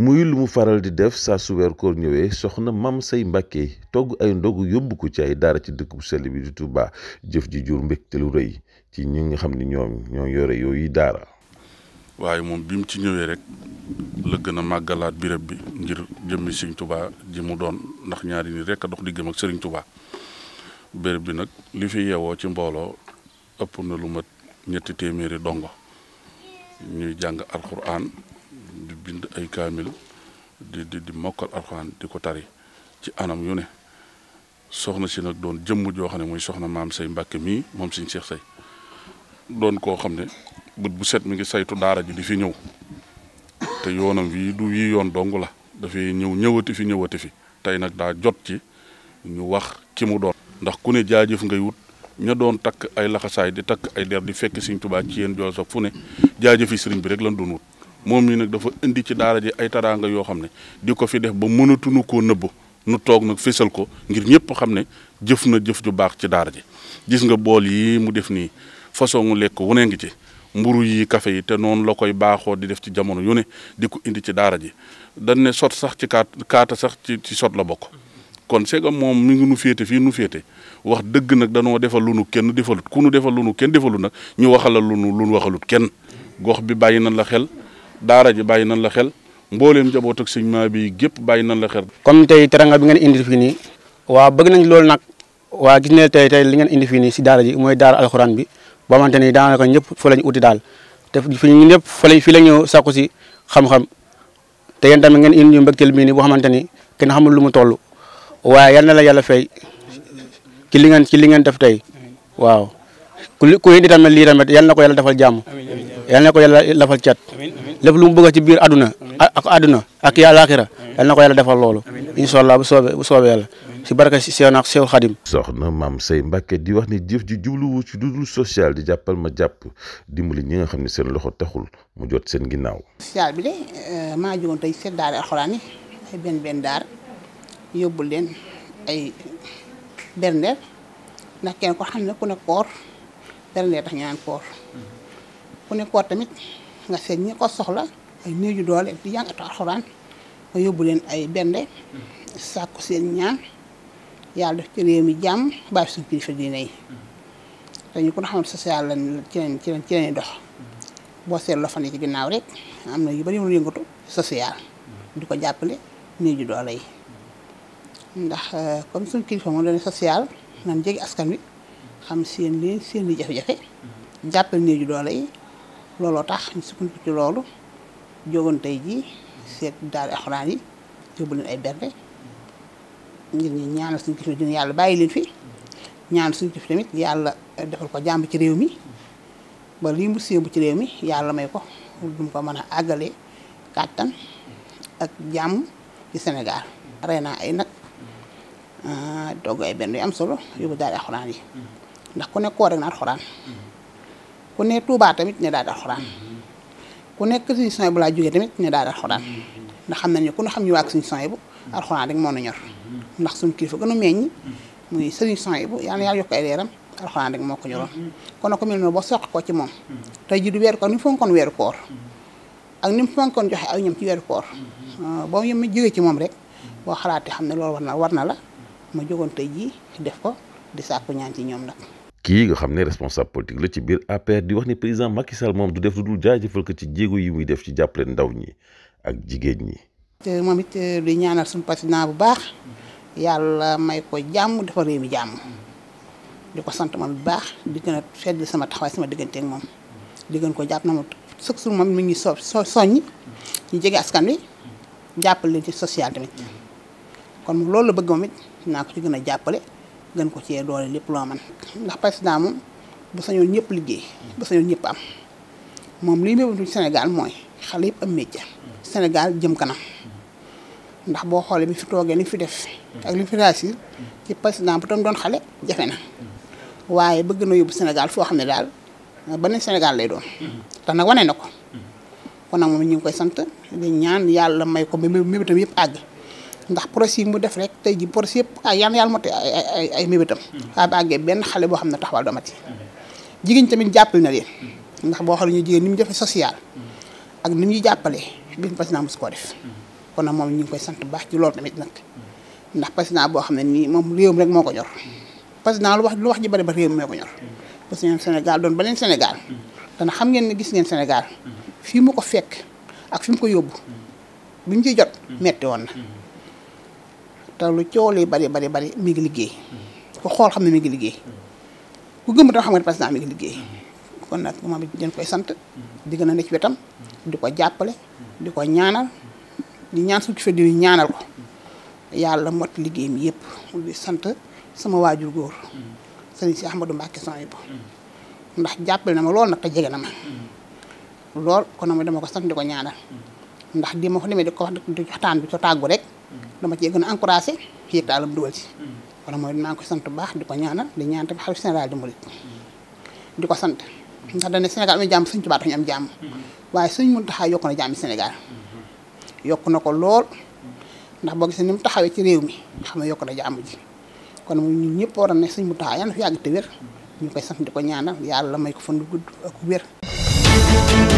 muy lu mu faral di def saa su weer koor ñëwee soxna mam say mbàkke togg ay ndogu yóbbu ko ci ay daara ci dëkk bu sell bi di Tuubaa jëf ji jur mbégte lu rëy ci ñu nga xam ni ñoom ñoo yore yooyu daara waaye moom bi mu ci ñëwee rek la gën a màggalaat birab bi ngir jëmmi Sëriñ Tuubaa ji mu doon ndax ñaari ni rek a dox diggam ak Sëriñ Tuubaa béréb bi nag li fi yeewoo ci mbooloo ëpp na lu mat ñetti téeméeri dongo ñuy jàng alxuraan ay kaamil di di di mokkal alxuraan di ko tari ci anam yu ne soxna si nag doon jëmm joo xam ne muy soxna maam say mbàkke mii moom siñ seex say doon koo xam ne bët bu set mu ngi saytu daara ji di fi ñëw te yoonam wii du wii yoon dong la dafay ñëw ñëwati fi ñëwati fi tey nag daa jot ci ñu wax ki mu doon ndax ku ne jaajëf ngay wut ña doon takk ay laxasaay di takk ay der di fekk Sëriñ Tuubaa ci yéen jool fu ne jaajëfi sëriñ bi rek lan doon wut moom mi nag dafa indi ci daara ji ay taraanga yoo xam ne di ko fi def ba mënatuñu koo nëbb nu toog nag fësal ko ngir ñëpp xam ne jëf na jëf ju baax ci daara ji gis nga bool yi mu def nii façon mu lekk wu ne ngi ci mburu yi café yi te noonu la koy baaxoo di def ci jamono yu di ko indi ci daara ji dañ ne sot sax ci kaat kaata sax ci ci sot la bokk kon seega moom mu ngi nu féete fii nu féete wax dëgg nag danoo defal lu nu kenn defalut ku nu defal lu nu kenn defalut nag ñu waxalal lu nu lu nu waxalut kenn gox bi bàyyi nañ la xel daara ji bàyyi nan la xel mbooleem njaboot sëñ maa bi gépp bàyyi nan la xel. comme tey teranga bi ngeen indi fii nii waa bëgg nañ loolu nag waa gis ne tey tey li ngeen indi fii nii si daara ji mooy daara alxuraan bi boo xamante ni daanaka ñëpp fa lañ uti daal te fi ñu ñëpp fa lañ fi la ñu sàkku si xam-xam te yéen tamit ngeen indi ñu mbégteel bii nii boo xamante ni kenn xamul lu mu toll waaye yal na la yàlla fay ci li ngeen ci li ngeen def tey waaw ku ku indi tamit lii tamit yal na ko yàlla defal jàmm yal na ko yàlla defal lépp lu mu bëgg ci biir àdduna ak àdduna ak yàlla akira yal na ko yàlla defal loolu incha bu soobee bu soobee yàlla si barka si seen ak sew xadim soxna maam say Mbàkke di wax ne jëf ji jubluwu ci dul social di jàppal ma jàpp dimbali ñi nga xam ne seen loxo taxul mu jot seen ginnaaw. social bi de euh, maa jógoon tey seet daara alxuraan yi ay benn benn daar yóbbu leen ay berndeel ndax kenn ko xam ne ku ne koor berndeel tax ñu koor ku ne koor nga seet ñi ko soxla ay néew yu doole di jàngatu alxuraan nga yóbbu leen ay bende sàkku seen ñaan yàlla def ci réew mi jàmm bàyyi suñu kilifa diine ko xamante social lañ ci dox boo seetloo fan ci ginnaaw rek am na yu bari yu yëngatu social di ko jàppale néegu doole yi ndax euh, comme suñu kilifa moom la social nan jege askan wi xam seen li seen li jafe-jafe jàppale néew doole yi. lolo tax ñu sukkandiku ci loolu jogon tay ji set daara alquran yi yóbbu leen ay bernde ngir ñi ñaan suñu ci dina yalla bàyyi leen fi ñaan suñu ci tamit yalla defal ko jamm ci rew mi ba li mu séebu ci rew mi yalla may ko lu ko mëna agalé katan ak jamm ci senegal reyna ay nak ah dogay ben yu am solo yu daara alquran yi ndax ku ne ko rek na alquran ku ne tuubaa tamit ne daal di alxuraan ku nekk suñu sooy bu laa jógee tamit ne daal di alxuraan ndax xam nañu ku ñu xam ñu waa ak suñu sooy bu alxuraan rek moo nu ñor ndax suñu kilifa gënu meññ muy sëriñ sooy bu yàlla yàlla yokk ay leeram alxuraan rek moo ko ñoroon kon na ko mel noonu boo soq ko ci moom tey ji du weeru koor ni mu fonkoon weeru koor ak ni mu fonkoon joxe aw ñam ci weeru koor ah, boo ñoom mi jógee ci moom rek boo xalaatee xam ne loolu war na war na la ma jógoon tey jii def ko di sàkku ñaan ci ñoom nag kii nga xam ne responsable politique la ci biir APR di wax ne président Macky Sall moom du def lu dul jaajëfal ko ci jéego yi muy def ci jàppale ndaw ñi ak jigéen ñi. te moom it eh, di ñaanal suñu président bu baax yàlla may ko jàmm dafa réew mi jàmm di ko sant moom bu baax di gën a fedd sama taxawaay sama diggante ak moom di gën ko jàpp na ma sëg su moom mi ngi so soññ ñu jege askan wi jàppale leen ci social tamit kon loolu la bëgg moom it naa ko ci gën a jàppale. gën ko cee doole lépp loo ndax ndax président moom bu sañoon ñëpp liggéey bu sañoon ñëpp am moom liy mébatu senegal mooy xale yëpp am métier senegal jëm kanam ndax boo xoolee bi fi toogee li fi def ak li fi réussir ci président bu tam doon xale jafe na waaye bëgg na yóbbu senegal foo xam ne daal benn Sénégal lay doon tax nag wane na ko kon nag moom ñu koy sant di ñaan yàlla may ko ba mébétam yëpp àgg ndax projet yi mu def rek tey ji projet yëpp ah yaan yàlla moti ay ay ay mébétam waa hmm. ba àggee benn xale boo xam ne taxawal doomati jigéen tamit jàppale na leen ndax boo xam ne ñu jigéen ni mu defee social ak ni ñuy jàppale bis président mosu koo def kon nag moom ñu ngi koy sant bu baax ci loolu tamit nag ndax président boo xam ne nii moom réewam rek moo ko ñor président lu wax lu wax ji bari ba réewam moo ko ñor parce que Sénégal doon beneen Sénégal dana xam ngeen ne gis ngeen Sénégal fii mu ko fekk ak fi mu ko yóbbu bi mu ciy jot metti woon na te lu coow li bari bari bari mi ngi liggéey ko xool xam ne mi ngi liggéey ku gëm tam xam nga président mi ngi liggéey kon nag moom it dañ koy sant di gën ci wetam di ko jàppale di ko ñaanal di ñaan suñu kilifa di ñaanal ko yàlla mot liggéey mi yëpp di sant sama waajur góor sëriñ si Ahmadou Mbacke son yëpp ndax jàppale na ma lool nag jege na ma lool kon nag dama ko sant di ko ñaanal ndax di ma ko demee di ko wax di waxtaan bi ko tàggu rek dama cee gën a encouragé xiir taalam dugal ci mm. wala mooy dinaa ko sant bu baax di ko ñaanal di ñaan tamit xarit Sénégal di murit mm. di ko sant ndax dañ jàmm suñ Tuubaa tax ñu am jàmm mm-hmm. waaye suñ Muntaxaa yokk jàmm Sénégal mm-hmm. yokku na ko lool mm-hmm. ndax boo gisee ni mu taxawee ci réew mi xam ne yokku na jàmm ji kon ñun ñëpp war a ne suñ Muntaxaa yàlla na fi yàgg te wér ñu koy sant di ko ñaanal yàlla may ko fan lu gudd ak wér